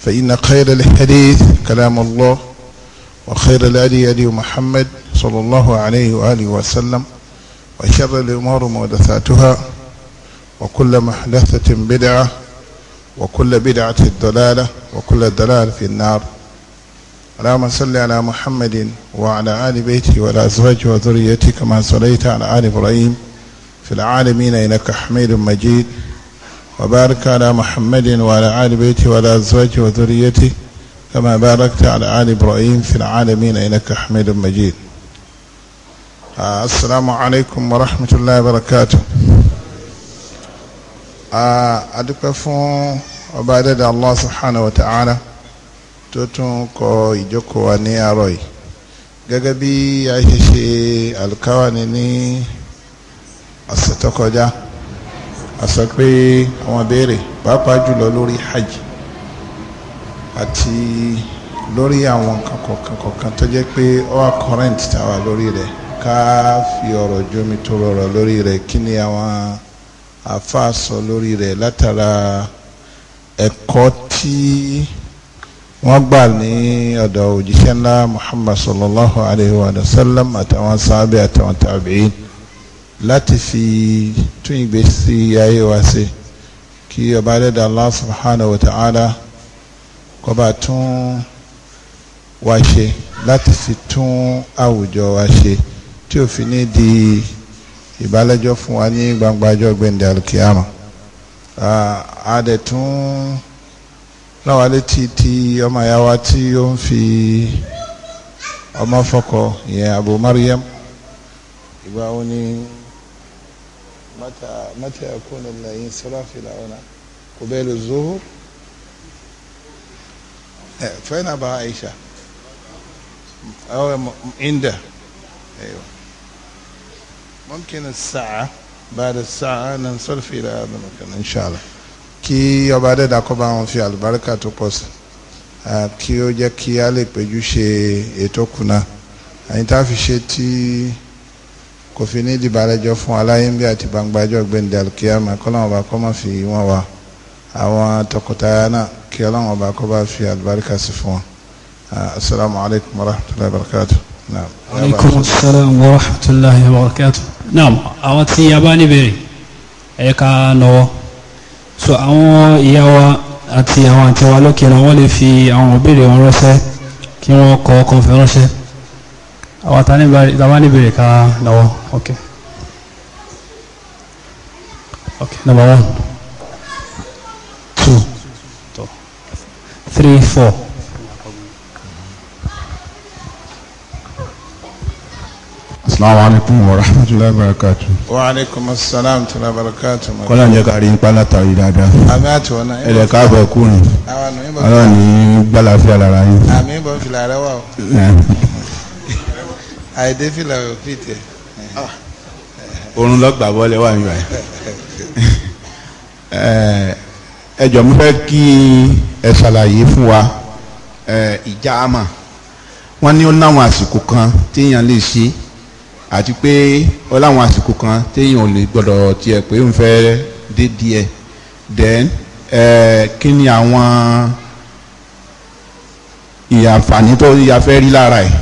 فإن خير الحديث كلام الله وخير الأدي أدي محمد صلى الله عليه وآله وسلم وشر الأمور مودثاتها وكل محدثة بدعة وكل بدعة الدلالة وكل الدلالة في النار اللهم صل على محمد وعلى آل بيته وعلى أزواجه وذريته كما صليت على آل إبراهيم في العالمين إنك حميد مجيد وبارك على محمد وعلى آل بيته وعلى أزواجه وذريته كما باركت على آل إبراهيم في العالمين إنك حميد مجيد السلام عليكم ورحمة الله وبركاته adúpẹ́ fún الله سبحانه وتعالى. subhanahu wa ta'ala tó tún kọ ìjókòó wa gẹ́gẹ́ bí a ṣe ṣe alukawani ní ọ̀sẹ̀ tó kọjá àṣà pé àwọn béèrè pàápàá jùlọ lórí hajj àti lórí àwọn kankan kankan tó jẹ́ pé all current tàwa lórí rẹ̀ ká fi ọ̀rọ̀ jómi tó rọrọ̀ lórí rẹ̀ kí ni àwọn àáfàá sọ lórí rẹ̀ látara ẹ̀kọ́ tí wọ́n gbà ní ọ̀dọ̀ òjíṣẹ́ ńlá Muhammad sallallahu alayhi wa sallam àtàwọn sábẹ́ àtàwọn tàbíyìn láti fi tún ìgbésí ayé wa ṣe kí ọba dẹ́dà Allah subhanahu wa ta'ala kọba tún wa ṣe láti fi tún àwùjọ wa ṣe tí ò fi ní di ìbálẹ́jọ́ fún wa ní gbangbajọ́ gbẹ̀ndẹ̀ alkiyama a dẹ̀ tún náà wá létí ti ọmọ ìyá wa tí ó ń fi ọmọ fọkọ ìyẹn Abu Maryam ìgbà wo ni. متى متى يكون الانصراف إلى هنا قبيل الظهر فين أبا عائشة أو عنده أيوه ممكن الساعة بعد الساعة ننصرف إلى هذا المكان إن شاء الله kí ọba adẹ́dà kó bá wọn fi àlùbáríkà tó pọ̀ sí kí ó jẹ́ kí kò fi ní ìdìbàrẹ́jọ fún aláyé ń bí àti gbangbajọ́ gbẹ̀ndẹ̀ alkiyama kọ́lọ́wọ́n bá kọ́ máa fi wọ́n wá àwọn tọkọtaya náà kí ọlọ́wọ́n bá kọ́ bá fi àlùbáríkà sí fún wọn. asalaamu alaykum wa rahmatulahi wa barakatu. aleykum salaam wa rahmatulahi wa barakatu. naam àwọn tí a bá ní bèrè ká nọwọ́ so àwọn ìyá wa àti àwọn àti wa lókè náà wọ́n lè fi àwọn òbèrè wọn ránṣẹ́ kí wọ́n kọ́ kọ́ńfẹ́ ránṣẹ́ àwọn àtàwọn níbèrè ká náwọ́ ok ok number one two three four. asalaamualeykum wa rahmatulahi wa barakatu. wa aleykum asalaam tula barakatu. kọ́lá ń jẹ́ ká rí n pálá tàbí dáadáa. àmì àti wọn náà. ẹ̀rẹ̀ káàbọ̀ kúrin. àwọn ní gbàlàfíà lára yín. àmì ìbọn fìlà rẹ wà o àìdé fìlà ò fi tẹ. oorun ah. lọ́gbà bọ́lẹ̀ wà nígbà yẹn. Eh, ẹ jọ̀ọ́ mo fẹ́ kí ẹ ṣàlàyé fún wa eh, ìjà àmà wọ́n ní ó láwọn àsìkò kan téèyàn lè ṣe àti pé ó láwọn àsìkò kan téèyàn ò lè gbọ́dọ̀ tiẹ̀ pé ń fẹ́ dé díẹ̀ then eh, kí ni àwọn ìyànfàní rí lára ẹ̀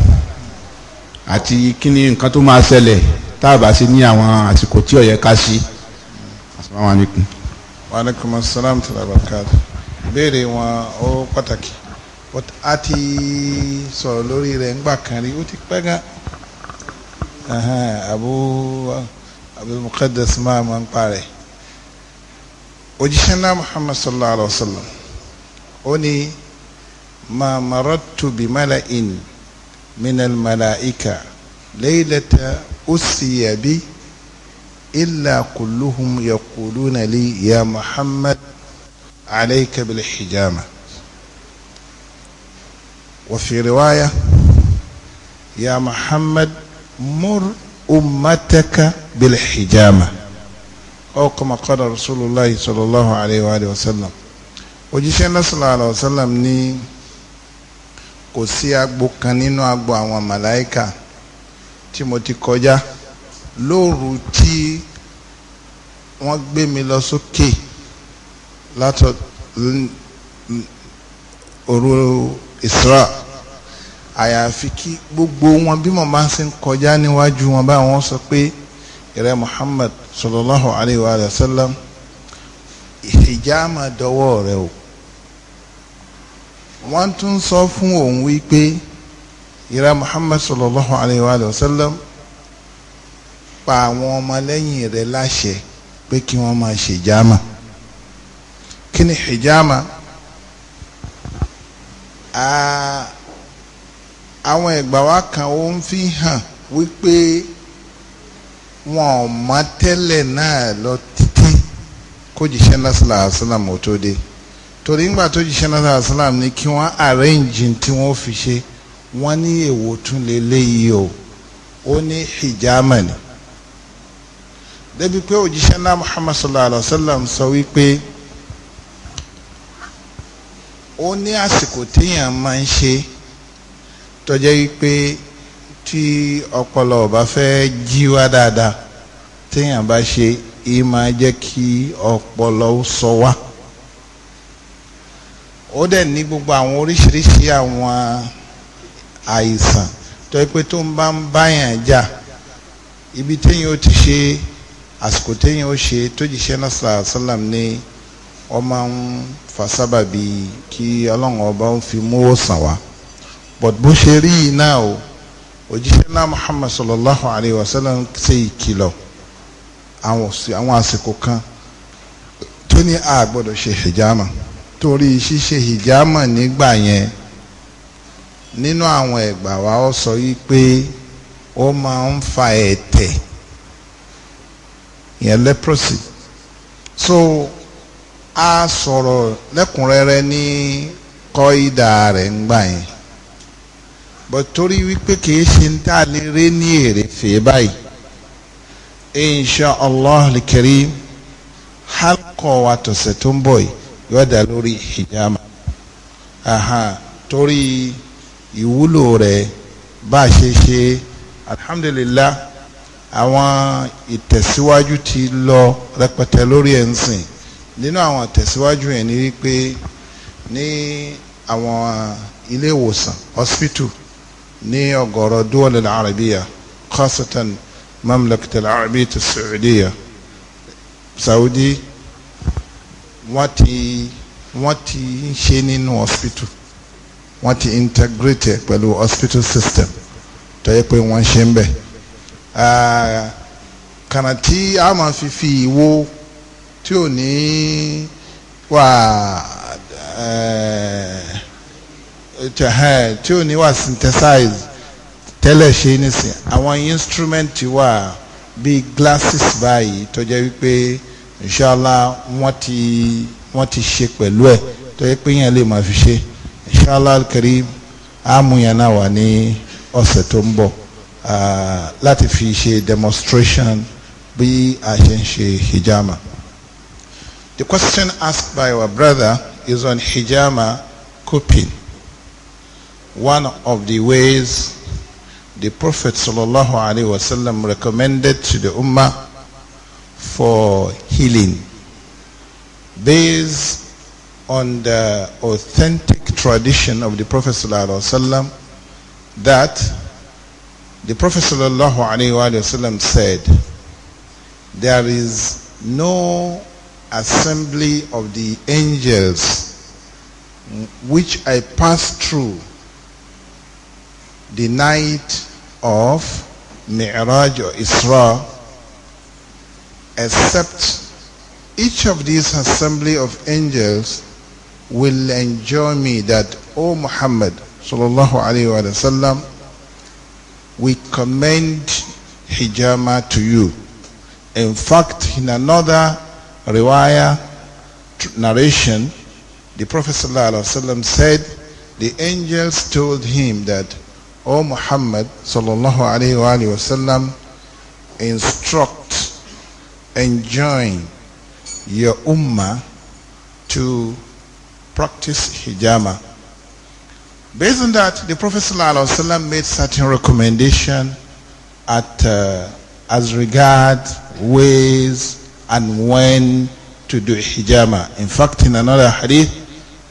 àti kí ni nǹkan tó máa ṣẹlẹ̀ tá a bá ṣe ní àwọn àsìkò tí ó yẹ ká sí. asalaamualeykum. wa aleykum salaam tí a wọn ó pàtàkì a ti sọ̀rọ̀ lórí rẹ̀ ńgbà kan rí ó ti pẹ́ gan abu abdulmukaddas máa ma ń parẹ́ òjíṣẹ́ náà muhammad sallallahu alaihi wa sallam ó ní ma maratu bi mala'in. من الملائكة ليلة أسي بي إلا كلهم يقولون لي يا محمد عليك بالحجامة وفي رواية يا محمد مر أمتك بالحجامة أو كما قال رسول الله صلى الله عليه وآله وسلم وجيشنا صلى الله عليه وسلم ني kò sí agbo kan nínú agbo àwọn màláìka tí mo ti kọjá lóru tí wọ́n gbé mi lọ sókè látọ̀ òru Isra àyàfi kí gbogbo wọn bí mo máa ṣe ń kọjá níwájú wọn báyìí wọ́n sọ pé ìrẹ́ Muhammad sallallahu alayhi wa sallam ìjà máa dọwọ́ rẹ o wọ́n tún sọ fún òun wípé ìrà Muhammad sallallahu alayhi wa sallam pa àwọn ọmọlẹ́yìn rẹ̀ láṣẹ pé kí wọ́n máa ṣe hijama kí ni hijama àwọn ìgbà wa kan ó ń fi hàn wípé wọn ò mọ̀ tẹ́lẹ̀ náà lọ títí kó jíṣẹ́ náà sallallahu alayhi tó dé torí ńgbà tó jíṣẹ́ náà sàlám ní kí wọ́n arrange tí wọ́n fi ṣe wọ́n ní èwo tún lè léyìí o ó ní hijama ni débi pé òjíṣẹ́ náà muhammad sallallahu alaihi wa sallam sọ wípé ó ní àsìkò téèyàn máa ń ṣe tọ́jẹ́ wípé tí ọpọlọ ọba fẹ́ jí wá dáadáa téèyàn bá ṣe ìmáa jẹ́ kí ọpọlọ sọ wá. So ó dẹ̀ ní gbogbo àwọn oríṣiríṣi àwọn àìsàn tó yẹ pé tó ń bá ń báyàn jà ibi téyàn ó ti ṣe àsìkò téyàn ó ṣe tó jíṣẹ́ náà sàlám ní ọmọ ń fa sábàbí kí ọlọ́run ọba ń fi mú òsàn wá but bó ṣe rí náà o òjíṣẹ́ náà Muhammad sallallahu alayhi wa sallam ṣe ìkìlọ̀ àwọn àsìkò kan tó ní a ṣe hijama. torí ṣíṣe hijama nígbà yẹn nínú àwọn ẹ̀gbà wa ó sọ yí pé ó máa ń fa ẹ̀tẹ̀ yẹn leprosy so a sọ̀rọ̀ lẹ́kùnrẹ́rẹ́ ní kọ́ídà rẹ̀ ń gbà yẹn but torí wípé kìí ṣe ń tà lè rí ní èrè fèé báyìí insha allah al-karim halkọ̀ wa tọ̀sẹ̀ tó ń bọ̀ yìí yóò dá lórí hijama aha torí ìwúlò rẹ̀ bá a ṣe ṣe alhamdulillah àwọn ìtẹ̀síwájú ti lọ rẹpẹtẹ lórí ẹ̀ ń sìn nínú àwọn ìtẹ̀síwájú yẹn ni wípé ní àwọn ilé ìwòsàn hospital ní ọ̀gọ̀rọ̀ duwal al-arabiya khasatan mamlakat al-arabiya as saudi wọ́n ti wọ́n ti ń ṣe nínú hospital wọ́n ti integrate pẹ̀lú hospital system tó yẹ pé wọ́n ṣe ń bẹ̀ kànáà tí a máa fi fi ìwo tí ò ní wà tí ò ní wà synthesize tẹ́lẹ̀ ṣe nísìn àwọn instrument wà bíi glasses báyìí tó jẹ́ wípé. inshallah wọ́n ti wọ́n ti ṣe pẹ̀lú ẹ̀ tó yẹ pé yẹn lè máa fi ṣe inshallah al-karim wà ní ọ̀sẹ̀ tó ń bọ̀ láti fi ṣe demonstration bí a ṣe ń ṣe hijama. The question asked by our brother is on hijama coping. One of the ways the Prophet sallallahu alaihi wasallam recommended to the Ummah for healing based on the authentic tradition of the Prophet ﷺ that the Prophet ﷺ said, There is no assembly of the angels which I pass through the night of Mi'raj or Isra except each of these assembly of angels will enjoy me that, O Muhammad sallallahu alayhi wasallam, we commend hijama to you. In fact, in another riwayah narration, the Prophet sallallahu alayhi wasallam said, the angels told him that, O Muhammad sallallahu alayhi wasallam, instruct enjoin your ummah to practice hijama. Based on that, the Prophet ﷺ made certain recommendation at, uh, as regard ways and when to do hijama. In fact, in another hadith,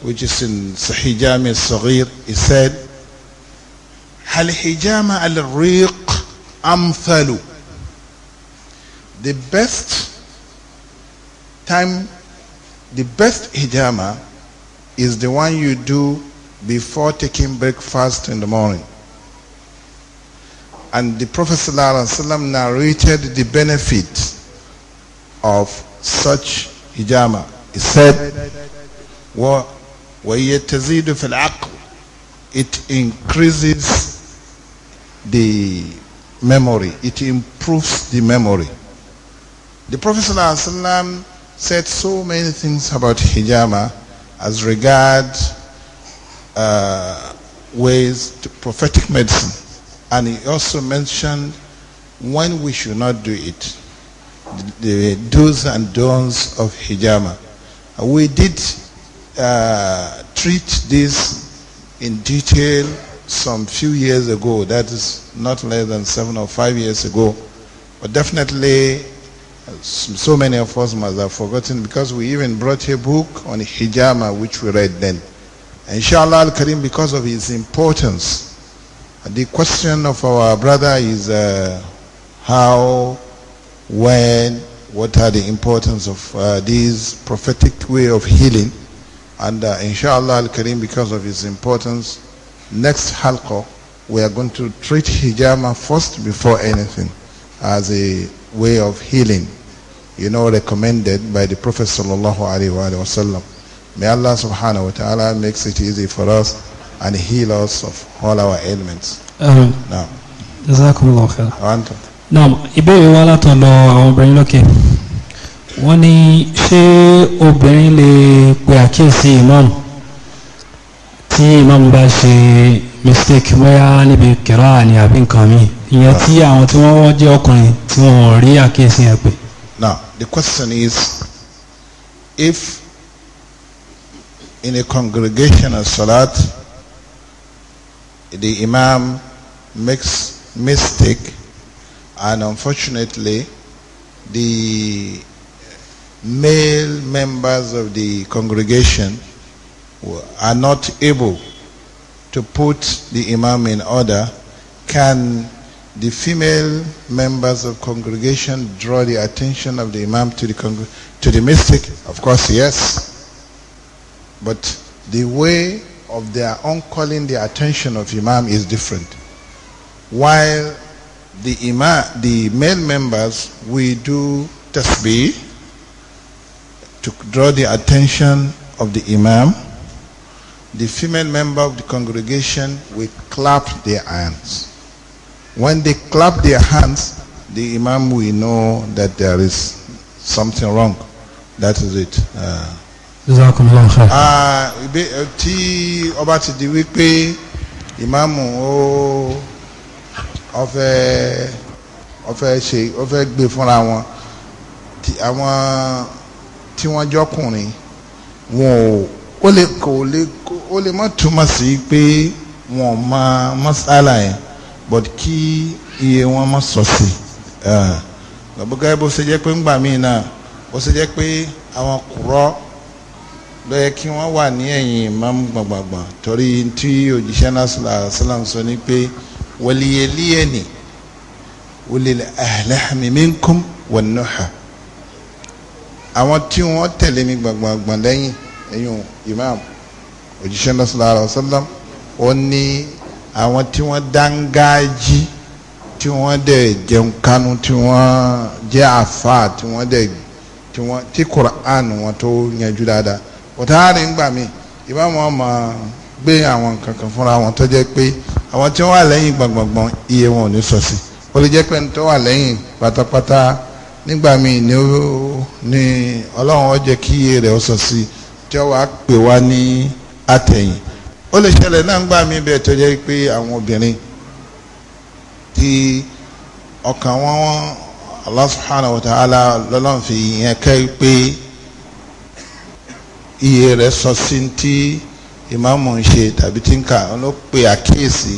which is in Sahih Jami al-Saghir, he said, هل al الريق أمثل the best time, the best hijama is the one you do before taking breakfast in the morning. And the Prophet ﷺ narrated the benefit of such hijama. He said, وَيَتَزِيدُ فِي الْعَقْلِ It increases the memory. It improves the memory. The Prophet ﷺ said so many things about hijama as regard uh, ways to prophetic medicine. And he also mentioned when we should not do it, the, the do's and don'ts of hijama. We did uh, treat this in detail some few years ago, that is not less than seven or five years ago. But definitely so many of us must have forgotten because we even brought a book on hijama which we read then. Inshallah al-Karim because of its importance. The question of our brother is uh, how, when, what are the importance of uh, this prophetic way of healing. And uh, inshallah al-Karim because of its importance, next halqa we are going to treat hijama first before anything as a way of healing, you know, recommended by the Prophet sallallahu alaihi wasallam. May Allah subhanahu wa ta'ala makes it easy for us and heal us of all our ailments. Um, now. Jazakumullah khair. Now, ìbéèrè wa látọ̀dọ̀ àwọn obìnrin lókè. Wọ́n ní ṣé obìnrin lè pe àkíyèsí ìmáàmù tí imam bá ṣe mistake bóyá níbi kẹrọ àbí nǹkan mi ìyẹn tí àwọn tí wọ́n jẹ́ ọkùnrin tí wọ́n rí àkíyèsí yẹn pé. now the question is if in a congregation of salat the imam makes mistake and unfortunately the male members of the congregation are not able to put the imam in order, can the female members of congregation draw the attention of the imam to the to the mystic? Of course, yes. But the way of their own calling the attention of imam is different. While the imam, the male members, we do tasbih to draw the attention of the imam the female member of the congregation will clap their hands. When they clap their hands, the imam will know that there is something wrong. That is it. Uh, ah, uh, tí ọba ti di wípé ìmáàmù ó ọfẹ́ ọfẹ́ ṣe ọfẹ́ gbé fúnra wọn àwọn tí wọ́n jọkùnrin wọn ò ó lè kò lè ó lè má túmọ̀ sí pé wọ́n mọ masala yẹn but kí iye wọn má sọ sí gbàgbọ́gá ah, bó ṣe jẹ́ pé ńgbà míì náà bó ṣe jẹ́ pé àwọn kùrọ́ ló yẹ kí wọ́n wà ní ẹ̀yìn imam gbọ̀ngbọ̀ngbọ̀n torí tí òjíṣẹ́ náà sàlám sọ ni pé wàlíyẹlíyẹ ni wòlélẹ̀ ahlahmi minkum àwọn tí wọ́n tẹ̀lé mi gbọ̀ngbọ̀ngbọ̀n lẹ́yìn ẹ̀yìn imam òjíṣẹ́ náà sallallahu alaihi wasallam ó ní àwọn tí wọ́n dángájí tí wọ́n dẹ̀ jẹun kánú tí wọ́n jẹ́ àfa tí wọ́n dẹ̀ tí wọ́n tí Qur'an wọn tó yanjú dáadáa ọ̀táàrin gbà mí ìmáàmù wọn máa gbé àwọn kankan fúnra wọn tó jẹ́ pé àwọn tí wọ́n wà lẹ́yìn gbọ̀ngbọ̀ngbọ̀n iye wọn ò ní sọ sí ó lè jẹ́ pé ní tó wà lẹ́yìn pátápátá nígbà míì ni ọlọ́run ó jẹ́ kí iye rẹ̀ ó sọ sí i jọ̀wọ́ á pè wá ní àtẹ̀yìn ó lè ṣẹlẹ̀ náà ń gbà mí bẹ́ẹ̀ tó jẹ́ pé àwọn obìnrin tí ọkàn wọn Allah subhanahu wa ta'ala lọ́lọ́run fi yẹn kẹ́ pé iye rẹ̀ sọ sí ti ìmáàmù ń ṣe tàbí tí ń kà ọ́n ló pe àkíyèsí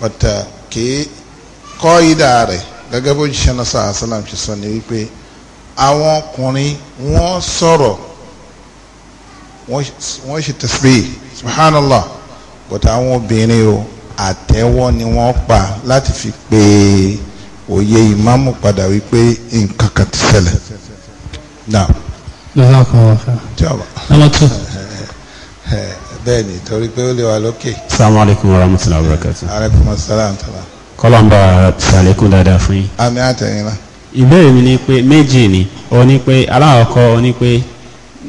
bàtà uh, kì í kọ́ ìdá rẹ̀ gẹ́gẹ́ bó ṣiṣẹ́ náà sọ àṣàlàm ṣe sọ ni wípé àwọn ọkùnrin wọ́n sọ̀rọ̀ wọ́n ṣe tasbih subhanallah but àwọn obìnrin o àtẹ́wọ́ ni wọ́n pa láti fi pe òye ìmáàmù padà wípé nǹkan kan ti ṣẹlẹ̀ now. bẹ́ẹ̀ ni torí pé ó lè wà lókè. assalamu alaikum warahmatullahi wabarakatuh. aleykum asalaam tala. kọ́lọ́mbà sàlékún dáadáa fún yín. àmì àtẹ̀yìn náà. ìbéèrè mi ni pé méjì ni o ní pé aláwọ̀ kọ́ o ní pé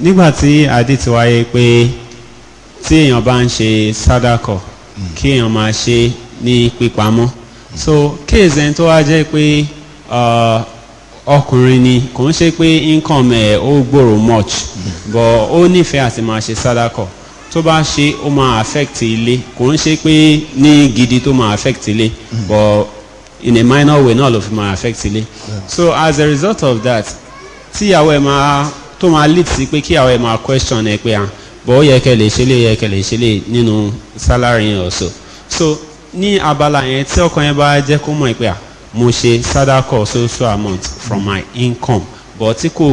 nígbàtí àdí ti wáyé pé tí èèyàn bá ń ṣe sádàkọ hmm. kí èèyàn máa ṣe ní pípamọ́ so kéèzì ẹni tó wá jẹ́ pé ọkùnrin ni kò ń ṣe pé income ẹ̀ ó gbòòrò much hmm. but ó nífẹ̀ẹ́ àti máa ṣe sádàkọ tó bá ṣe ó máa affect ilé kò ń ṣe pé ní gidi tó máa affect ilé hmm. but in a minor way náà ló fi máa affect ilé so as a result of that tíyàwó ẹ̀ máa tó máa lead sí pé kí àwọn ẹ̀ máa question ẹ pé ah bọ̀ ó yẹ kẹ́ lè ṣe lè yẹ kẹ́ lè ṣe lè nínú salary yẹn ọ̀sọ̀ so ní abala yẹn tí ọkàn yẹn bá jẹ́ kó mọ̀ pé ah mo ṣe sadako social amount from my income bọ̀ tí kò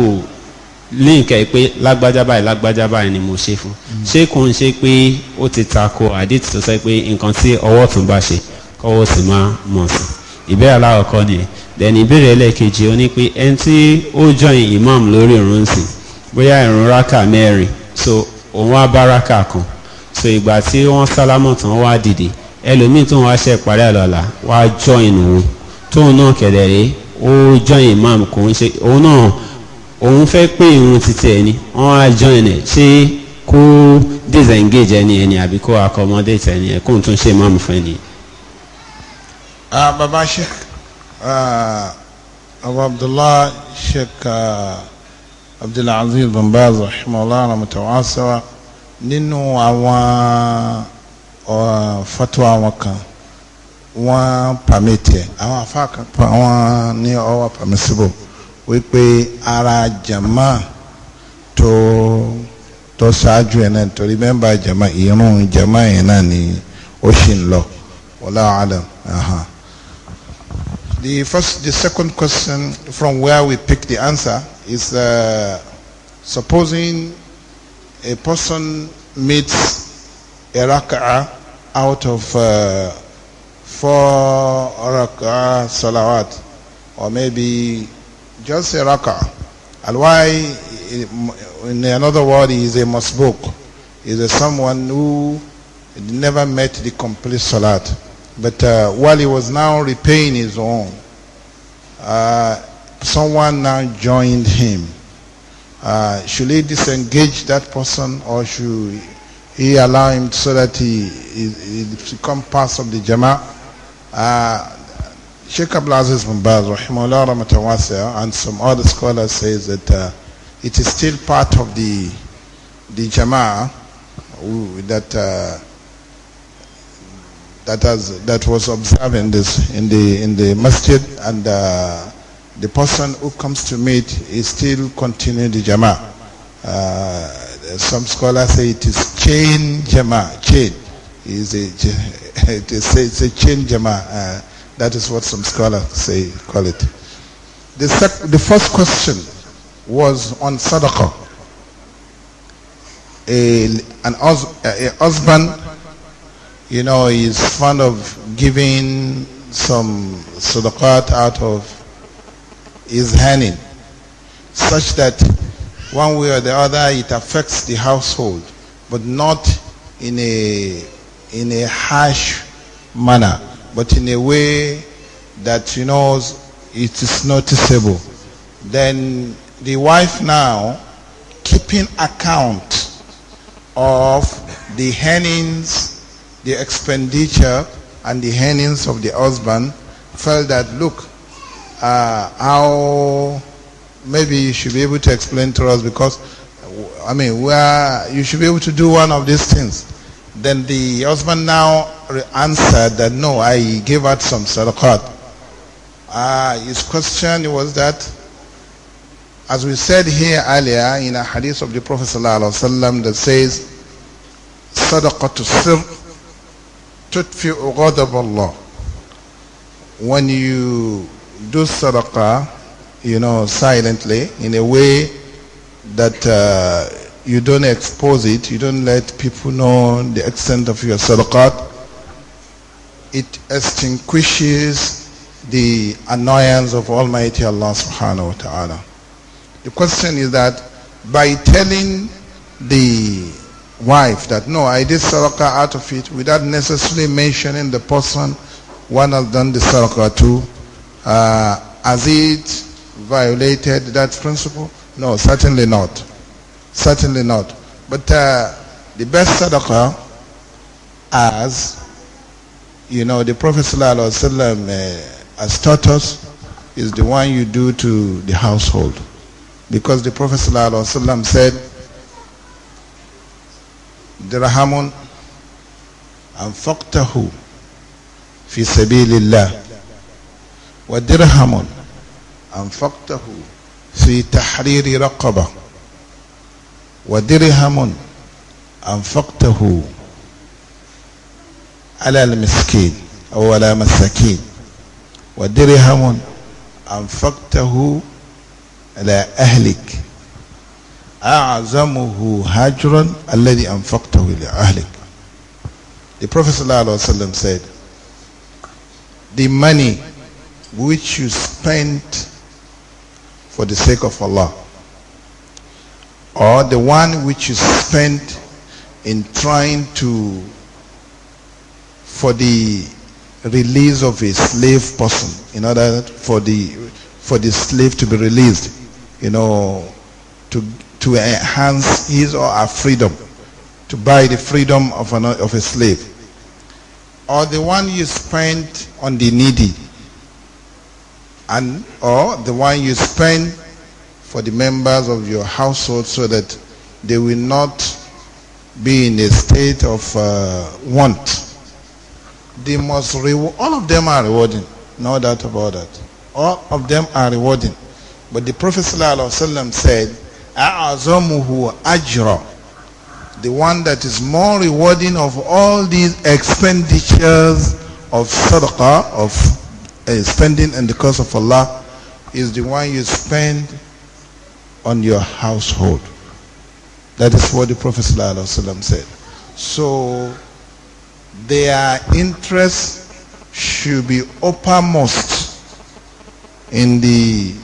link ẹ pé lágbájá báyìí lágbájá báyìí ni mo ṣe fún mm. ṣé kò ń ṣe pé ó ti tako àdìtì tó sẹ pé nǹkan tí ọwọ́ tún bá ṣe kọ́wọ́ sì máa mọ̀ sí ìbéèrè aláwọ̀kọ́ nìyẹn then ìbéèrè ẹlẹ́ẹ̀kejì ó ní pé ẹni tí ó join imam lórí ìrun sí bóyá ìrun rákà mẹ́rin so òun á bá rákà kan so ìgbà tí wọ́n sálámọ̀ tán wá dìde ẹlòmíì tóun wá ṣe ìparí àlọ́lá wá join òun tóun náà kẹ̀dẹ̀ rèé ó join imam kò ń ṣe òun náà òun fẹ́ pé irun títí ẹni wọ́n á join ẹ̀ ṣé kó disengage ẹni ẹni àbí kó accommodate ẹni ẹ̀ kó n tún ṣe imam fún ah bàbá sheikh Abu Abdullah Sheikh Abdulaziz bin Baz rahimahullah mutawasawa nínú àwọn fatwa àwọn kan wọ́n pàmìtì àwọn afa kan wọ́n ní ọwọ́ pàmìsíbò wípé ara jama tó tó ṣáájú ẹ̀ náà torí mẹ́mbà jama ìrún jama yẹn náà ni ó ṣì ń lọ wallahu alam. Uh The first, the second question from where we pick the answer is uh, supposing a person meets a rak'ah out of uh, four rak'ah salawat or maybe just a rak'ah. And why, in another word, is a masbuk, is a someone who never met the complete salat. But uh, while he was now repaying his own, uh, someone now joined him. Uh, should he disengage that person or should he allow him so that he, he, he become part of the Jama? Uh, Sheikh Abul Aziz bin Baz, and some other scholars say that uh, it is still part of the the Jama that uh, that has that was observed in this in the in the masjid and uh, the person who comes to meet is still continuing the jama. Uh, some scholars say it is chain jama chain is a it is it's a chain jama. Uh, that is what some scholars say call it. The sec- the first question was on sadaqah. A, an, a husband you know, he's fond of giving some sadaqat out of his henna, such that one way or the other it affects the household, but not in a, in a harsh manner, but in a way that, you know, it is noticeable. Then the wife now keeping account of the hennings the expenditure and the earnings of the husband felt that, look, uh, how maybe you should be able to explain to us because, I mean, you should be able to do one of these things. Then the husband now answered that, no, I gave out some sadaqat. Uh, ah, his question was that, as we said here earlier in a hadith of the Prophet that says, sadaqatu sirr تدفئ غضب Allah. When you do sadaqah, you know, silently, in a way that uh, you don't expose it, you don't let people know the extent of your sadaqah, it extinguishes the annoyance of Almighty Allah subhanahu wa ta'ala. The question is that by telling the wife that no, I did sadaqah out of it without necessarily mentioning the person one has done the sadaqah to. Uh, has it violated that principle? No, certainly not. Certainly not. But uh, the best sadaqah as you know the Prophet ﷺ, uh, has taught us is the one you do to the household because the Prophet ﷺ said درهم أنفقته في سبيل الله ودرهم أنفقته في تحرير رقبة ودرهم أنفقته على المسكين أو على مساكين ودرهم أنفقته على أهلك أعزمه هجرا الذي أنفقته لأهلك The Prophet ﷺ said, the money which you spent for the sake of Allah or the one which you spent in trying to for the release of a slave person in order for the for the slave to be released you know to to enhance his or her freedom, to buy the freedom of, an, of a slave. Or the one you spend on the needy, and or the one you spend for the members of your household so that they will not be in a state of uh, want. They must reward, all of them are rewarding, no doubt about that. All of them are rewarding. But the Prophet ﷺ said, أعظمه ajra, the one that is more rewarding of all these expenditures of sadaqah, of uh, spending in the cause of Allah, is the one you spend on your household. That is what the Prophet ﷺ said. So their interest should be uppermost in the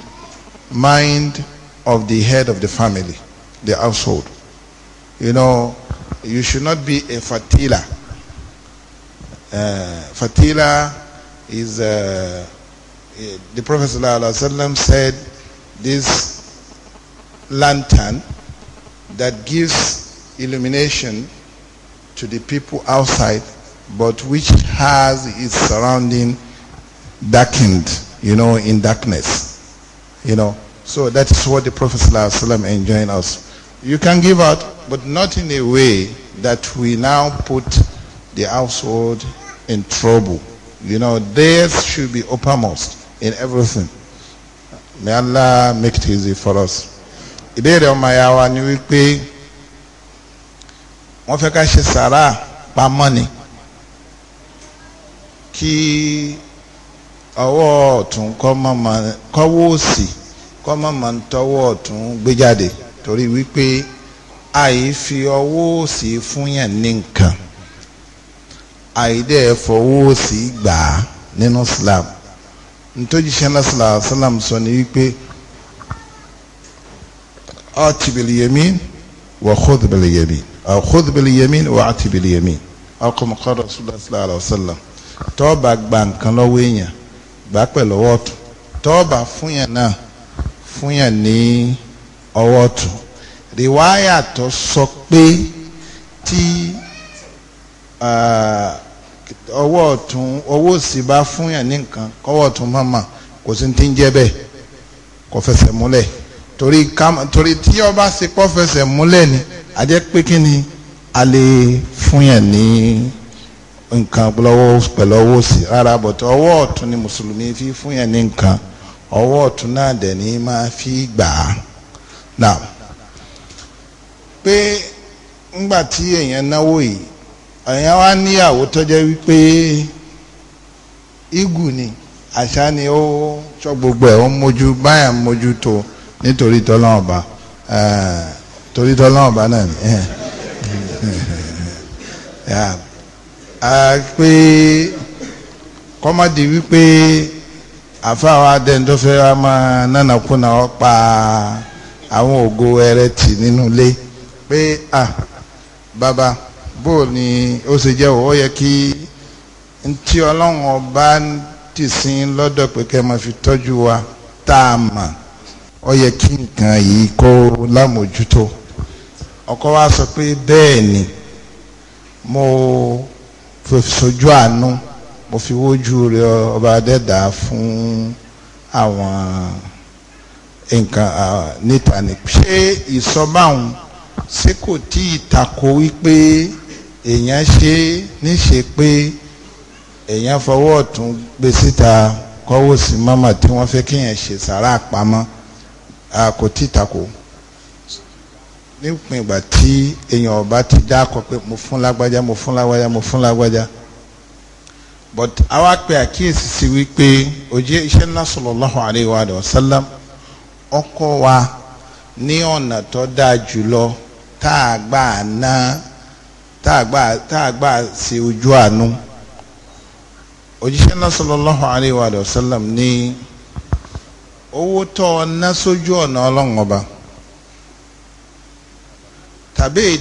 mind of the head of the family, the household. You know, you should not be a fatila. Uh, fatila is, uh, eh, the Prophet said, this lantern that gives illumination to the people outside, but which has its surrounding darkened, you know, in darkness. You know, so that is what the Prophet ﷺ enjoined us. You can give out, but not in a way that we now put the household in trouble. You know, theirs should be uppermost in everything. May Allah make it easy for us. Ìbéèrè ọmọ ìyá wa ni wípé wọ́n fẹ́ ká ṣe sàrà pamọ́ ni kí ọwọ́ ọ̀tún kọ́ mọ́ kọ́wọ́ òsì. kọ́ má máa ń tọwọ́ ọ̀tún gbé jáde torí wípé àìfi ọwọ́ òsì fúnyàn ní nǹkan àìdẹ́ fọwọ́ òsì gbà á nínú Islam nítòjíṣẹ́ náà sọ̀rọ̀ àṣàlám sọ ni wípé ọtí bìlì yẹmí wà khudh bìlì yẹmí khudh bìlì yẹmí wà ọtí yẹmí ọkọ̀mọ̀kọ́ Rasulullah sallallahu alaihi wasallam tọ́ọ̀bà gba nǹkan lọ́wọ́ èèyàn gbà pẹ̀lú ọ̀tún tọ́ọ̀bà fúnyàn náà fún yàn ní ọwọ́ tún rìwáyà tó sọ pé tí ọwọ́ ọ̀tún ọwọ́ òsì bá fún yàn ní nǹkan kọ́wọ́ ọ̀tún mọ̀mọ́ kò sí ti ń jẹ́ bẹ́ẹ̀ kò fẹsẹ̀ múlẹ̀ torí kama torí tí ọba ṣe pọ́ fẹsẹ̀ múlẹ̀ ni a jẹ́ pé kí ni a lè fún yàn ní nǹkan lọ́wọ́ pẹ̀lú ọwọ́ òsì rárá bọ̀tọ̀ ọwọ́ ọ̀tún ni mùsùlùmí fi fún ní nǹkan. ọwọ́ ọ̀tún náà dẹ̀ ní máa fi gbà á náà pé ngbà tí èèyàn náwó yìí èèyàn wá níyàwó tọ́jẹ́ wípé igù ni àṣà ni ó sọ gbogbo ẹ̀ ó mójú báyà mójú tó nítorí tọ́lọ́ọ̀bá eh, torí ọba náà ni pé kọ́mọ́dé wípé. àfáwọn adẹ́ntọ́fẹ́ wa máa nánàkúnà ọ pa àwọn ògo ẹrẹ tì nínú ilé pé à bàbá bó ni ó ṣe jẹ́ ó yẹ kí ntí ọlọ́run ọba ti sin lọ́dọ̀ pé kẹ́ máa fi tọ́jú wa tá a mà ó yẹ kí nǹkan yìí kó lámòjútó ọkọ wa sọ pé bẹ́ẹ̀ ni mo fòfin àánú. mo fi wójú rẹ ọba adẹ́dà fún àwọn nǹkan níta ni ṣé ìsọbáhùn ṣé kò tí ì tako wípé èèyàn ṣe níṣe pé èèyàn fọwọ́ ọ̀tún gbé síta kọ́wọ́ sí mọ́mọ́ tí wọ́n fẹ́ kéèyàn ṣe sàrà pamọ́ kò tí ì tako nípìn ìgbà tí èèyàn ọba ti dá pé mo fún lágbájá mo fún lágbájá mo fún lágbájá. but awa pe àkíyèsí sí wipe òjì iṣẹ́ ńlá sallallahu alayhi wa sallam ọkọ wa ní ọ̀nà tó dáa jùlọ tá a gbà ná tá a gbà tá a gbà sí ojú àánú òjíṣẹ́ náà alayhi wa ní owó tó ná sójú ọ̀nà ọlọ́run ọba tàbí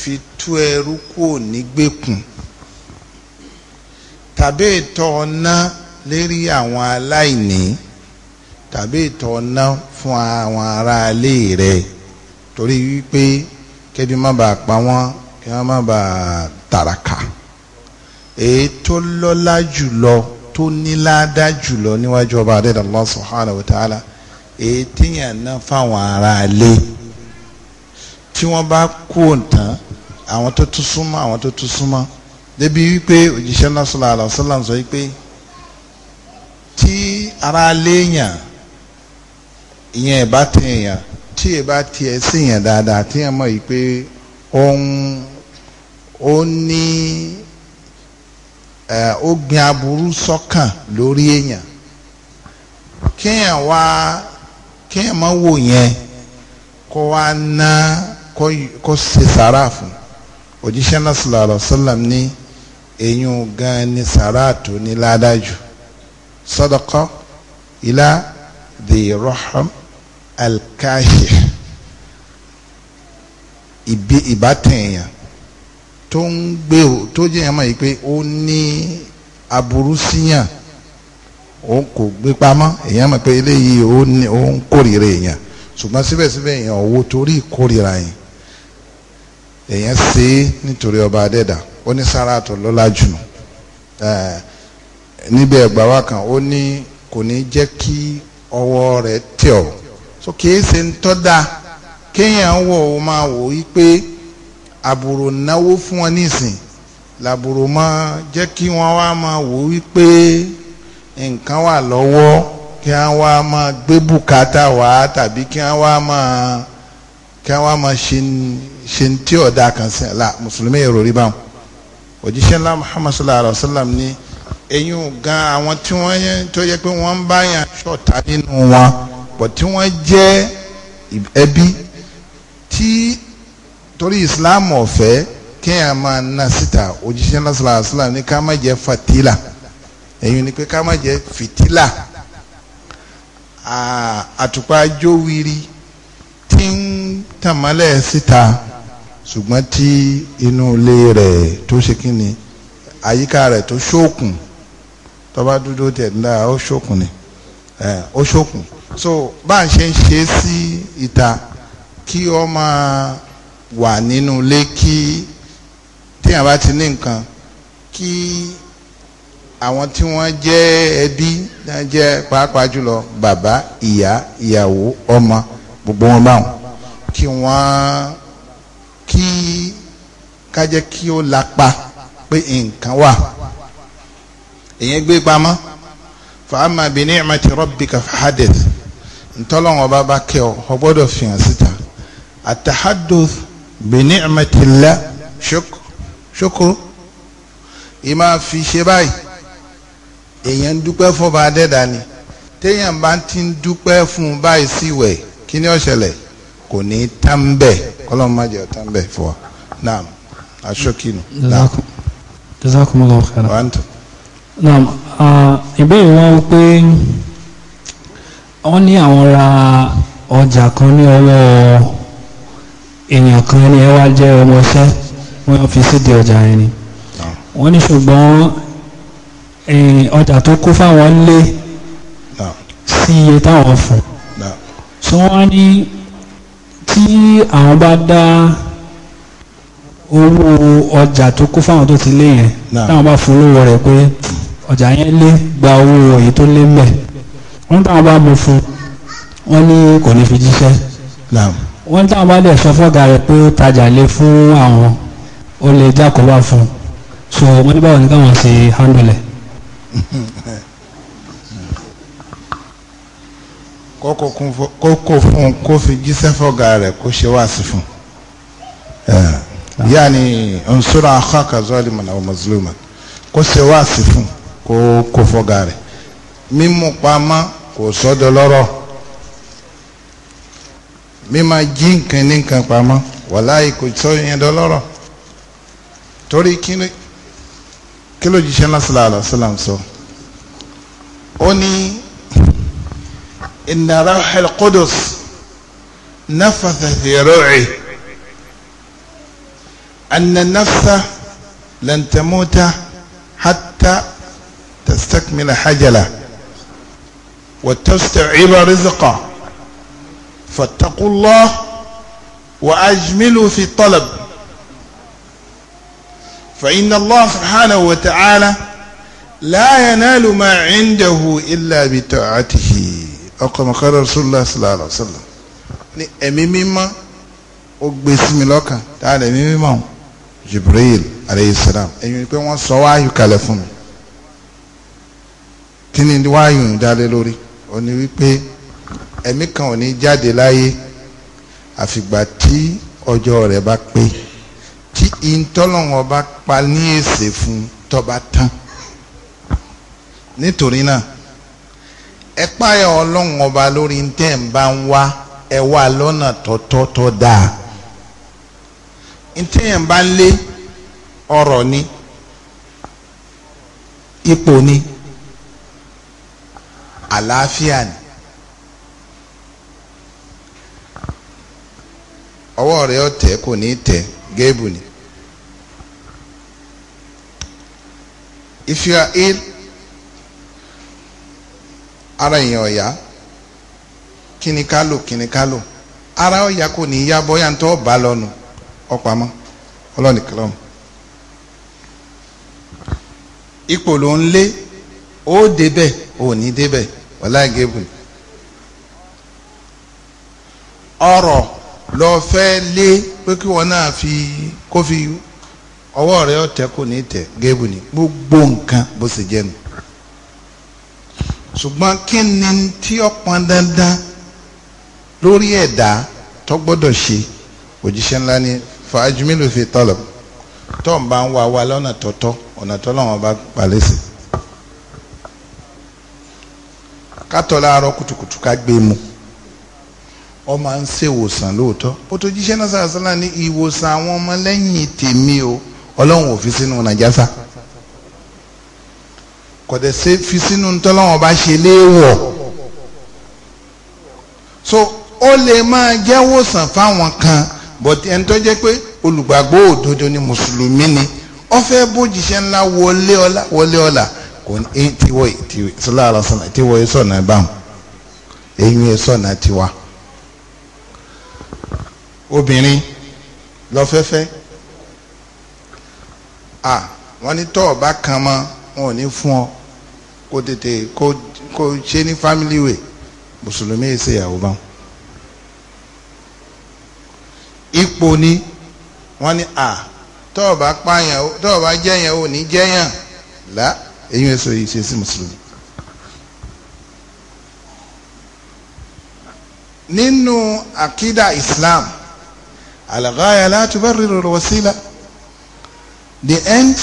fi tú ẹrú kúò tàbí ètò ọ̀nà lérí àwọn aláìní tàbí ètò ọ̀nà fún àwọn aráalé rẹ̀ torí wípé kẹ́bí má bàa pa wọ́n kí wọ́n má bàa tàràkà èyí tó lọ́lá jùlọ tó níláadá jùlọ níwájú ọba adẹ́dàá Allah subhanahu wa ta'ala èyí téèyàn ná fáwọn aráalé tí wọ́n bá kú òǹtàn àwọn tó tún súnmọ́ àwọn tó tún súnmọ́ débi wípé òjíṣẹ́ náà sallallahu alaihi wasallam sọ wípé tí ara léèyàn ìyẹn ìbá tẹ èèyàn tí ìbá tiẹ̀ sí èèyàn dáadáa tí èèyàn mọ̀ wípé ohun ó ní ó gbin aburú sọ́kàn lórí èèyàn kéèyàn wá kéèyàn má wò yẹn kó wá ná kó ṣe sàrà fún òjíṣẹ́ náà sallallahu alaihi ní èyún gan ni sàràtò ní ládájú sadaqa ilá the raham alkahi ìbí ìbátẹ̀yàn tó ń gbé o tó jẹ́ ẹ̀mọ́ yìí pé ó ní aburú síyàn ó kò gbé pamọ́ èèyàn mọ̀ pé eléyìí ó ní ó ń kórìíra èèyàn ṣùgbọ́n síbẹ̀síbẹ̀ èèyàn ò torí ìkórìíra yẹn èèyàn ṣe é nítorí ọba adẹ́dàá onísàrà tó lọ́lá jù níbi ẹ̀gbà wa kan ó ní kò ní jẹ́ kí ọwọ́ rẹ̀ tẹ̀ ọ́ so kì í ṣe ń tọ́da kéèyàn wọ̀ ó máa wò ó pé àbùrò náwó fún wọn nísìn làbùrò máa jẹ́ kí wọ́n wá máa wò ó pé nǹkan wà lọ́wọ́ kí wọ́n wá máa gbé bùkátà wá tàbí kí wọ́n wá máa kí wọ́n wá máa ṣe ṣe tí ọ̀dà kan sẹ́yìn la mùsùlùmí èrò rí báwọn òjíṣẹ́ ńlá muhammad sallallahu alayhi wa sallam ní eyín gan àwọn tí wọ́n yẹn tó yẹ pé wọ́n ń bá yàn ṣọ̀tá nínú wọn bọ̀ tí wọ́n jẹ́ ẹbí tí torí islam ọ̀fẹ́ kéèyàn máa ná síta òjíṣẹ́ ńlá sallallahu alayhi wa sallam ní ká má jẹ́ fatila eyín ni pé ká má jẹ́ fìtílà àtùpà jówìrì tí ń tàn síta ṣùgbọ́n tí inú ilé rẹ̀ tó ṣe kí ni àyíká rẹ̀ tó ṣókùn tó bá dúdú tẹ̀ ńlá ó ṣókùn ni ó ṣókùn so bá a ṣe ń ṣe sí ìta kí ọ máa wà nínú ilé kí téèyàn bá ti ní nǹkan kí àwọn tí wọ́n jẹ́ ẹbí jẹ́ pàápàá jùlọ bàbá ìyá ìyàwó ọmọ gbogbo wọn báwọn kí wọ́n kí ká jẹ́ kí ó lapa pé nǹkan wà èyàn gbé pamọ́ fàámà bi ni'mati rabbika fahadith ntọ́lọ́wọ́n bá bá kẹ́ ọ ọ gbọ́dọ̀ fìhàn síta àtàhádùth bi ni'mati llah ṣokòrò ìmọ̀ fi ṣe báyìí èyàn ń dúpẹ́ fún ọba adẹ́dá ni téèyàn bá ti ń dúpẹ́ fún un báyìí sí wẹ̀ kí ni ó kò ní tán bẹ́ẹ̀ ọlọ́run má jẹ́ ọ̀tá ń bẹ̀ fún wa naam asokinu naam. jazakumullahu khairan. wà á tún. naam ìbéèrè wọn wí pé wọ́n ní àwọn ra ọjà kan ní ọwọ́ èèyàn kan ní ẹ wá jẹ́ ọmọọṣẹ́ wọ́n fi síde ọjà yẹn ni wọ́n ní ṣùgbọ́n ọjà tó kó fáwọn lé sí iye táwọn fún so wọ́n ní tí àwọn bá dá owó ọjà tó kó fáwọn tó ti lé yẹn táwọn bá fún olówó rẹ̀ pé ọjà yẹn lé gba owó èyí tó lé mẹ́ wọ́n táwọn bá mú fún wọ́n ní kò ní fi jíṣẹ́ wọ́n táwọn bá dẹ̀ sọ fọ́gà rẹ̀ pé ó tajà lé fún àwọn ó lè jákòó wá fún so wọ́n ní báwo ni káwọn ṣe handle ẹ̀. kókó fún un kó fi jíṣẹ́ fọ́gà rẹ̀ kó ṣe wá sí fún un yaani unsura akhaka zaliman aw mazluman kó ṣe wá sí fún un kó kó fọ́gà rẹ̀ mímú pamọ́ kò sọ́dọ̀ lọ́rọ̀ mímá jí nǹkan ní nǹkan pamọ́ wàláyé kò sọ yẹn dọ́ lọ́rọ̀ torí kíni kí ló jíṣẹ́ ńlá sallallahu alaihi wasallam sọ ó ní. إن روح القدس نفث في روعي أن النفس لن تموت حتى تستكمل حجله وتستعيب رزقه فاتقوا الله وأجملوا في الطلب فإن الله سبحانه وتعالى لا ينال ما عنده إلا بتعته ọkọ̀ mọ̀kọ́rọ̀ rasulullah sallallahu alaihi wa sallam ni ẹ̀mí mímọ́ ó gbé sí mi lọ́kàn dáadáa ẹ̀mí mímọ́ jibril aleyhi salam ẹ̀yin ni pé wọ́n sọ wáyù kalẹ̀ fún mi kí ni wáyù ń dálé lórí ó ní wípé ẹ̀mí kan ò ní jáde láyé àfìgbà tí ọjọ́ rẹ̀ bá pé tí ìtọ́lọ́wọ́n bá pa ní èsè fún tó tán nítorí náà ẹ páyà ọlọ́run ọba lórí ntẹ́ ń bá ń wá ẹ wà lọ́nà tọ́tọ́ dáa ni ipò ni àlàáfíà ni ọwọ́ rẹ̀ ọ̀tẹ̀ kò ní tẹ̀ ni if ara èèyàn ọ̀yá kíni ká lò kíni ká lò ara ọ̀yá kò ní yá bọ́yá ń tọ́ bá lọ́nu ọ̀pamọ́ ọlọ́nìkan lọ́mù ipò ló ń lé ó débẹ̀ ò ní débẹ̀ lé pé kí wọn náà fi kó fi ọwọ́ ọ̀tẹ̀ kò ní tẹ̀ gẹ́bùn ni gbogbo nǹkan bó ṣùgbọ́n kí ni tí ó pọn dandan lórí ẹ̀dá tó gbọ́dọ̀ ṣe òjíṣẹ́ ńlá ni fàájúmílò fi tọ́lọ̀ tó ń bá ń wá wa lọ́nà tọ́tọ́ ọ̀nà tó lọ́wọ́n bá palẹ̀ sí. kátó láàárọ̀ kùtùkùtù ká gbé mu ọ máa ń ṣe ìwòsàn lóòótọ́ ó tó jíṣẹ́ náà sàrásánlá ní ìwòsàn àwọn ọmọlẹ́yìn tèmi o ọlọ́run ò fi sínú nàjásá kọ̀dẹ̀ ṣe fi sínú tọ́lọ́wọ́n bá ṣe léèwọ̀ so ó lè máa jẹ́wòsàn fáwọn kan bọ̀tí ẹni tó jẹ́ pé olùgbàgbọ́ òdodo ni mùsùlùmí ni ó fẹ́ bójìṣẹ́ ńlá wọlé ọ̀la wọlé ọ̀la kò ní tiwọ́ ìtìsílá ara sọ̀nà tiwọ́ ìsọ̀nà ìbámu eyín ìsọ̀nà tiwa obìnrin lọ́fẹ́fẹ́ à wọ́n ní tọ́ọ̀ bá kan mọ́ wọn ò ní fún ọ kó tètè kó kó ṣe ní family way mùsùlùmí yìí ṣèyàwó bá wọn. ipò ni wọ́n ní à tọ́ọ̀ bá pààyàn tọ́ọ̀ bá jẹ́yàn ò ní jẹ́yàn là èyí ń sọ yìí ṣe sí mùsùlùmí. nínú àkídà Islam al-ghaya la tubarriru al the end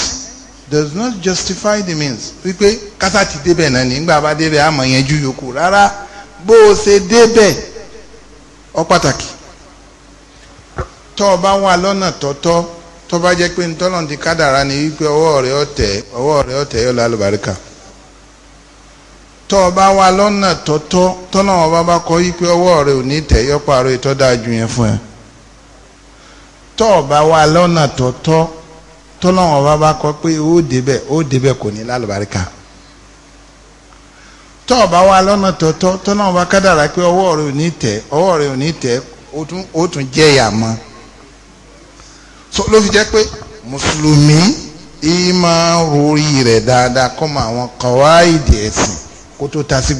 does not justify the means wípé kásá ti débẹ̀ náà nígbà bá débẹ̀ àmọ̀ yẹn rárá bó débẹ̀ ọ pàtàkì tọ́ ọ bá wà lọ́nà tọ́tọ́ tọ́ bá jẹ́ pé ntọ́nà ti kádàrá ni wípé ọwọ́ rẹ ọ̀tẹ̀ ọwọ́ rẹ ọ̀tẹ̀ yóò tọ́ ọ bá wà lọ́nà tọ́tọ́ tọ́nà bá kọ́ wípé ọwọ́ fún ẹ tọ́ ọ bá wà tọ́lọ́wọ́n bá bá kọ pé ó débẹ̀ ó débẹ̀ kò ní lálùbáríkà tọ́ ọ bá wá lọ́nà tọ́tọ́ tọ́lọ́wọ́n bá kádàrà pé ọwọ́ rẹ ò ní tẹ̀ ọwọ́ rẹ ò ní tẹ̀ ó ló fi jẹ́ pé mùsùlùmí rẹ̀ dáadáa kọ́ àwọn kọ̀wáìdì ẹ̀sìn kó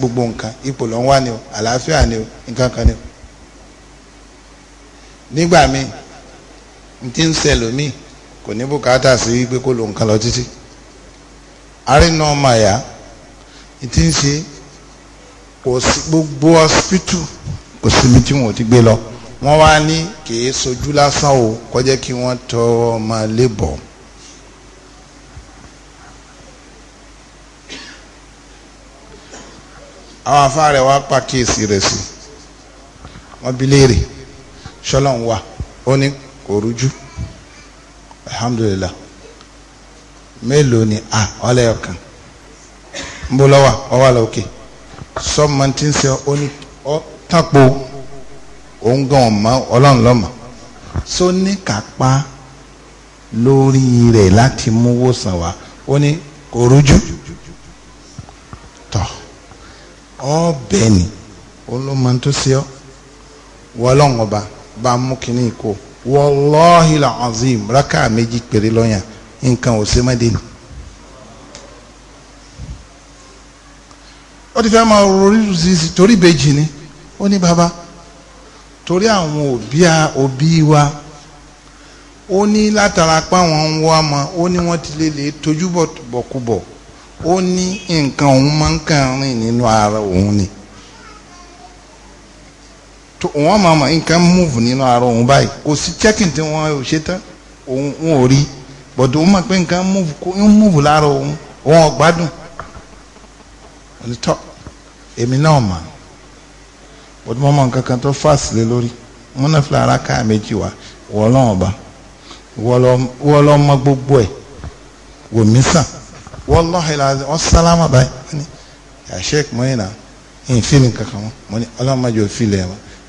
gbogbo nǹkan ipò lọ́n o àlàáfíà kò ní bùkátà sí pé kó lo nǹkan lọ títí arínà ọmọ àyà ìtí ń ṣe kò sí gbogbo hospital kò síbi tí wọn ò ti gbé lọ wọn wá ní kìí sojú lásán o kọjá kí wọn tọ ọmọ lébọ. àwọn afá rẹ̀ pa kíyèsí rẹ̀ sí wọ́n bi léèrè ṣọ́lọ́n wà ó ní kò rújú alhamdulilah mélòó ni a ah, ọlẹ́ ọ̀kan ń bó lọ́wọ́ ọwọ́ àlọ́ òkè sọ́mọ tí ń ṣe oní ọ̀mọ́ ọlọ́run lọ́mọ́ só ní kápá lórí rẹ̀ láti mú wòsàn wá ó ní kò rújú tọ̀ ọ̀bẹ ni olómọ tó ṣe bá mú kínní kó wàláhi làzim rákà méjì péré lọ́yàn nǹkan ò ṣe mọ́dé ni. ó ti fẹ́ máa rorí sisi torí ìbejì ni ó ní bàbá torí àwọn òbí òbí wa ó ní látara pa wọn ń wá mọ ó ní wọ́n ti lè lè tójú bọ̀kúbọ̀ ó ní nǹkan òun máa ń kàn rìn nínú ara òun ni. wọ́n máa ma nǹkan múùfù nínú ara òun báyìí kò sí checking tí wọ́n ṣe tán òun ò rí bọ̀dọ̀ òun máa pé nǹkan múùfù kó ń múùfù lára òun òun ọ̀gbádùn tọ́ èmi náà mà bọ̀dọ̀ nǹkan kan tó lórí wọn náà fi ara ká méjì wá wọ́n lọ́wọ́n wọ́n lọ́ mọ gbogbo ẹ̀ wò mí sàn wọ́n lọ́hìn láti wọ́n sálámà báyìí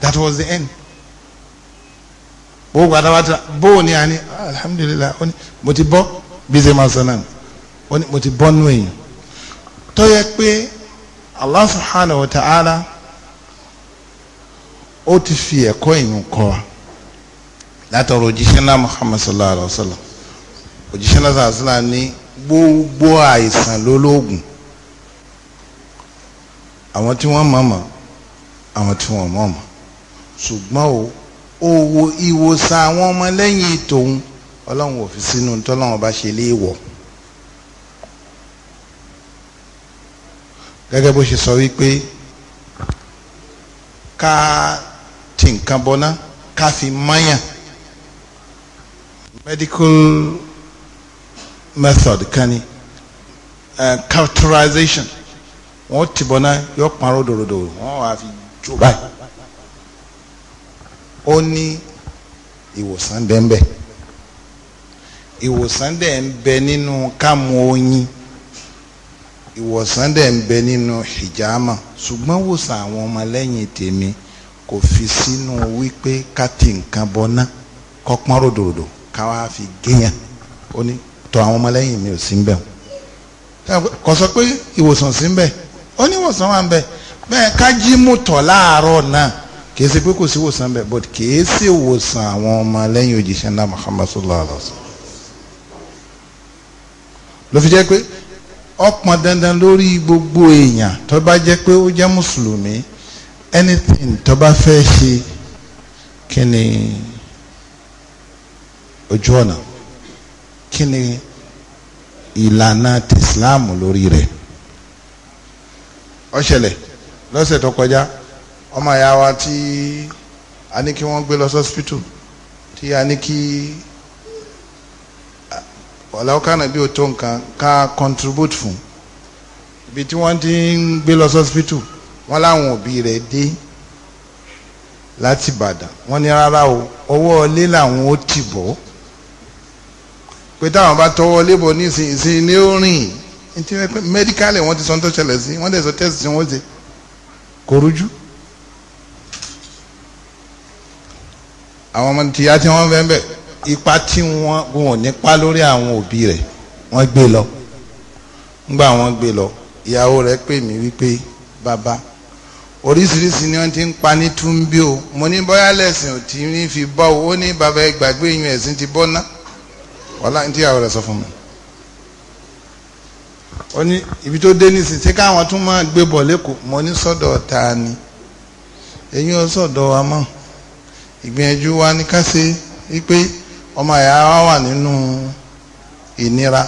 that was the end bó gbàdá wa ti bó ni àní ah, alhamdulilayi ó ní mo ti bọ́ bíze masalam ó ní mo ti bọ́ nù èyàn tó pé Allah subhanahu wa ta'ala ó ti fi ẹ̀kọ́ ìyún kọ́ wa látọ̀rọ̀ òjíṣẹ́ náà Muhammad sallallahu alayhi wa sallam òjíṣẹ́ náà sallallahu alayhi wa sallam ní gbogbo àìsàn lólógùn àwọn tí wọ́n mọ̀ mọ̀ àwọn tí wọ́n mọ̀ mọ̀ ṣùgbọ́n o owó ìwòsàn àwọn ọmọlẹ́yìn tòun ọlọ́run ò fi sínú tọ́lọ́run bá ṣe léèwọ̀ gẹ́gẹ́ bó ṣe sọ wípé ká ti nǹkan bọ́ná ká fi mọ́yàn medical method kan ni uh, cauterization wọ́n ti bọ́ná yọ pọn ròdòròdò wọ́n wàá fi jù báyìí. ó ní ìwòsàn bẹ́ẹ̀ bẹ́ẹ̀ ìwòsàn dẹ̀ ń bẹ nínú kámú oyin ìwòsàn dẹ̀ ń bẹ nínú hijama ṣùgbọ́n wòsàn àwọn ọmọlẹ́yìn tèmi kò fi sínú wípé ká ti nǹkan bọ́ná kọ́pọ́n ròdòròdò ká wá fi géyàn ó ní tọ́ àwọn ọmọlẹ́yìn mi ò sí ń bẹ̀ kò sọ pé ìwòsàn sí ń bẹ̀ ó ní ìwòsàn wà ń bẹ̀ bẹ́ẹ̀ ká jí mú tọ̀ láàárọ̀ náà kìí ṣe pé kò sí ìwòsàn bẹ́ẹ̀ but kìí ṣe ìwòsàn àwọn ọmọ lẹ́yìn òjíṣẹ́ ńlá Muhammad sallallahu alaihi wa sallam ló fi jẹ́ pé ọpọn dandan lórí gbogbo èèyàn tó bá jẹ́ pé ó jẹ́ mùsùlùmí anything tó bá fẹ́ ṣe kí ni ojú ọ̀nà kí ni ìlànà tìsíláàmù lórí rẹ̀ ó lọ́sẹ̀ tó kọjá ọmọ ìyá wa tí a ní kí wọ́n gbé lọ sọ́sìpítù tí a ní kí ọ̀làwọ́kànnà bí o tó nǹkan ká contribute fún ibi tí wọ́n ti ń gbé lọ sọ́sìpítù wọ́n láwọn òbí rẹ̀ dé láti Ìbàdàn wọ́n ní rárá o ọwọ́ ilé làwọn ó ti bọ̀ pé táwọn bá tọwọ́ ilé bọ̀ nísinsìnyí ní ó rìn ní tí mẹ́díkálì wọ́n ti sọ tó ṣẹlẹ̀ sí wọ́n dẹ̀ sọ tẹ́sì tí wọ́n ṣe kò rújú. àwọn ọmọ tìyá tí wọ́n fẹ́ bẹ̀ ipa tí wọ́n wọn ò nípa lórí àwọn òbí rẹ̀ wọ́n gbé lọ ńgbà wọ́n gbé lọ ìyàwó rẹ̀ pè mí wípé bàbá oríṣiríṣi ni wọ́n ti ń pa ní túnbí o mo ní bóyá lẹ́sìn ò tí ń fi bọ́ o ó ní bàbá ìgbàgbé yín ẹ̀sìn ti bọ́ ná wọ́n láti ìyàwó rẹ̀ sọ fún mi ó ní ibi tó dé nísìn tí káwọn tún máa gbé bọ̀ lẹ́kọ̀ọ́ mo ní sọ́dọ̀ ta ni èyí ó sọ́dọ̀ wa mọ́ ìgbìyànjú wa ní ká ṣe wípé ọmọ ìyá wa wà nínú ìnira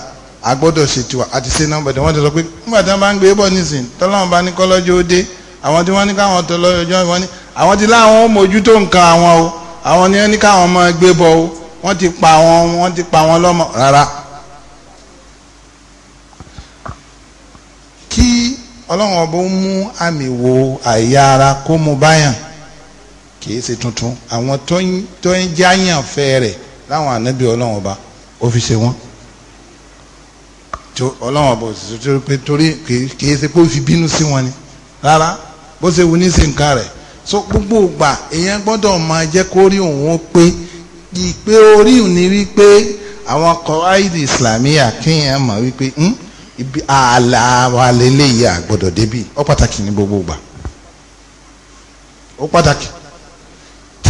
a gbọ́dọ̀ ṣètò àti ṣe náà bẹ̀dẹ̀ wọ́n ti sọ pé nígbà tí wọ́n bá ń gbé bọ̀ nísìn tọ́lọ́wọ́n bá ní kọ́lọ́jọ́ ó dé àwọn tí wọ́n ní káwọn tọ́lọ́jọ́ wọn ní àwọn tí láwọn ó mójútó nǹkan àwọn o àwọn ni wọ́n ní káwọn máa gbé bọ̀ o wọ́n ti pa wọn wọ́n ti pa wọn lọ́mọ rárá. kí ọlọ́run ọba ó mú àmì wo àyà ara kó mu báyàn kìí ṣe tuntun àwọn tó ń jáyàn fẹ́ rẹ̀ láwọn ànábì ọlọ́run ọba ó fi ṣe wọ́n ọlọ́run ọba òṣìṣẹ́ pé torí kìí ṣe pé ó fi bínú sí wọn ni rárá bó ṣe wù ní sí nǹkan rẹ̀ so gbogbo ìgbà èèyàn gbọ́dọ̀ máa jẹ́ kó rí òun ó pé ìpè orí òun ni wípé àwọn kọ́ráìdì islamiyà kéèyàn mọ̀ wípé ibi ààlà wa lélẹ́yìí àgbọ̀dọ̀ débi ó pàtàkì ní gbogbo ìgbà ó pàtàkì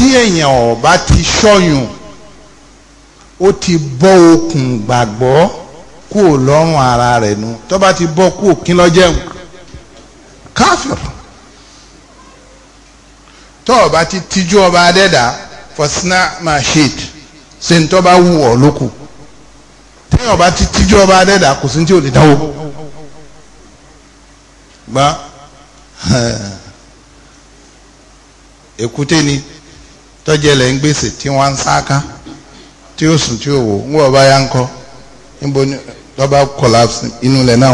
tí èèyàn ọba ti ṣọ́yùn ó ti bọ́ okùn gbàgbọ́ kúò lọ́rùn ara rẹ̀ nu tó bá ti bọ́ kúò kí ló jẹun káfíọ̀ tó ọba ti tijú ọba adẹ́dà fọsínà mashid ṣe ń tó wù ọ́ lókù téèyàn ọba ti tijú ọba adẹ́dà kò sí tí ò lè dáwọ́ gbọ́n èkúté ni. tọ́jẹ́ lẹ̀ ń gbèsè tí wọ́n ń sáká tí ó sùn tí ó wò ń ọba yá ń kọ́ níbo ni lọ́ba collapse inú náà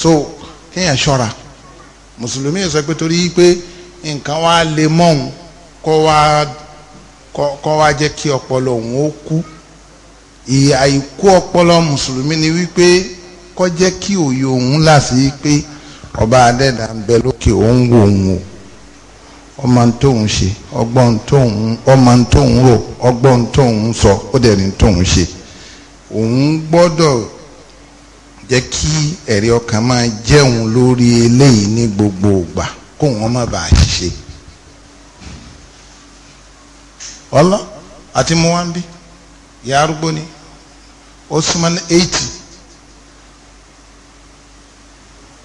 so kéèyàn ṣọ́ra mùsùlùmí sọ pé torí pé nǹkan wa lè mọ́hún kọ́ wá kọ́ kí ọpọlọ òun ó kú mùsùlùmí ni wípé pé ọba adẹ́dà ń bẹ lókè ọmọ ma ṣe ọgbọ́n se ọmọ tóun rò ọgbọ́n tóun sọ ó dẹ̀ ní tóun ṣe òun gbọ́dọ̀ jẹ́ kí ẹ̀rí ọkàn máa jẹun lórí eléyìí ní gbogbo ìgbà kó wọn má bàa ṣe ọlọ àti mo wá ń bí ìyá arúgbó ni ó súnmọ́ ní eighty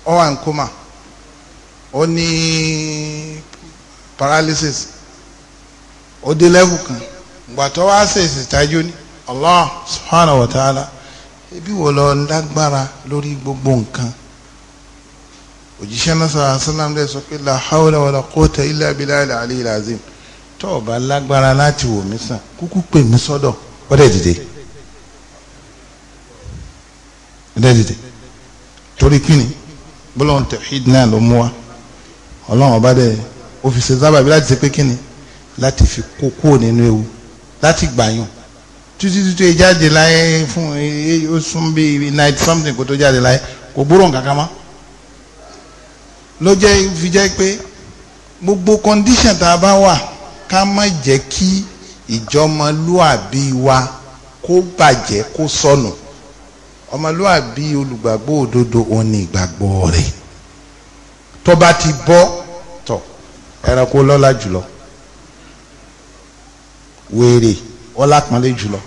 ọ paralysis ó dé lẹ́wù kan ìgbà tó wá ṣèṣì tájú ní Allah subhanahu wa ta'ala ebi wo lọ lágbára lórí gbogbo nǹkan òjíṣẹ́ náà sọ àṣàlám dẹ́ sọ pé la hawla wala quwwata illa billahi aliyyil azim tó o bá lágbára láti wò mí sàn kúkú pè mí sọ́dọ̀ ó dẹ̀ dìde ó dẹ̀ dìde torí kíni bọ́lá tawhid náà ló mú wa ọlọ́run ọba dẹ̀ òfìsè sábàbí láti ṣe pé kíni láti fi kó kúrò nínú ewu láti gbàyàn títí títí e jáde láyé fún e ó sún bí night something kó tó jáde láyé kò gbúrò nǹkan kan mọ́ ló jẹ́ fi jẹ́ pé gbogbo condition tá a bá wà ká má jẹ́ kí ìjọmọlúàbí wa kó bàjẹ́ kó sọnù ọmọlúàbí olùgbàgbọ́ òdodo òun ni ìgbàgbọ́ rẹ̀ tó bá ti bọ́ ẹranko lọ́lá jùlọ wèrè ọlápọ̀nlé jùlọ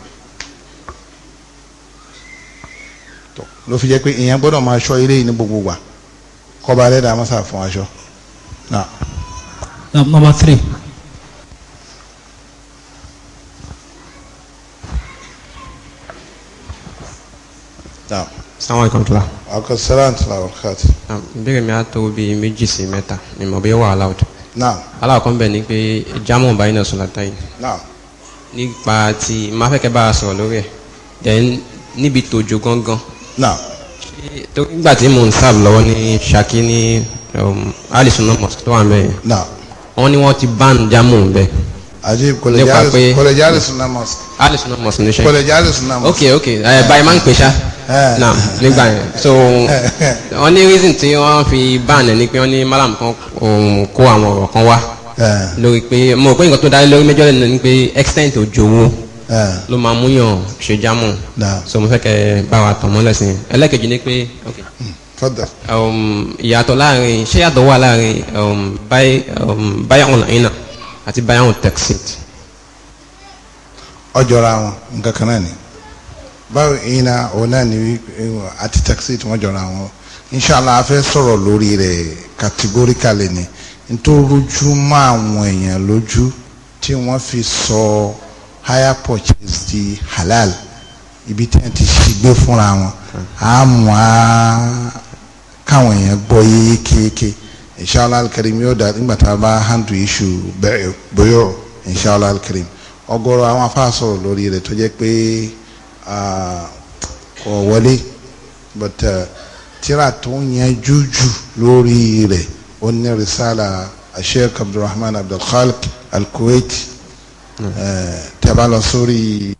tó ló fi jẹ́ pé èèyàn gbọ́dọ̀ máa ṣọ́ eré yìí ní gbogbo wa kọba rẹ̀ dàá mọ́sà fún aṣọ. number three. sanwó ìkọ̀ntla. akọ̀sẹ́lá ntìlá wákàtí. ìbéèrè mi á tó bíi méjì sí mẹ́ta ni bí alákọ̀ọ́ bẹ̀ ni pé jamu báyìí náà sọ̀lá táyì nípa ti máa fẹ́ kẹ́ bá a sọ̀rọ̀ lórí ẹ̀ then níbi tòjò gangan torí nígbà tí mò ń sáàbù lọ́wọ́ ní Ṣakí ní um, alisuna mosque tó wà mẹ́rin wọ́n ní wọ́n ti ban jamu bẹ́ẹ̀ ajib kọlẹ̀jì alisuna mosque alisuna mosque ní Ṣakí kọlẹ̀jì alisuna mosque ok ok ẹ̀ eh, báyìí máa ń pè ṣá. Eh. na nígbà yẹn so eh. wọ́n ní reason tí wọ́n fi ban ẹ̀ ni pé wọ́n ní malam kan um, kó àwọn ọ̀rọ̀ kan wá eh. lórí pé mo rò pé nǹkan tó darí lórí méjọ́ lẹ́nu ni pé extent òjò wo ló máa mú yàn ṣe jámù so mo fẹ́ kẹ́ bá wa tàn mọ́lẹ̀ sí i ẹlẹ́kejì ni pé hmm, um, ìyàtọ̀ láàrin ṣé yàtọ̀ wà láàrin um, báyàwó làyínà àti báyàwó tẹ̀sít. ọjọ́ra wọn nǹkan kan náà ni. báwo yìí na òun náà ni àti taxi tí wọ́n jọra wọn inshallah a sọ̀rọ̀ lórí rẹ̀ categorically ni nítorójú mọ́ àwọn èèyàn lójú tí wọ́n fi sọ higher purchase di halal ibi tí wọ́n ti ṣègbè fúnra wọn a káwọn èèyàn gbọ́ yéye kéèké yóò dá nígbà tá a bá handle issue bẹ́ẹ̀ bóyọ̀ inshallah alkarim ọ̀gọ̀rọ̀ àwọn afáàsọ̀rọ̀ lórí rẹ̀ tó jẹ́ kò wọlé but uh, tíra tó yẹn jújù lórí rẹ̀ ó ní risala sheikh abdulrahman abdulkhaliq alkuwait hmm. uh, tẹ́bá lọ sórí.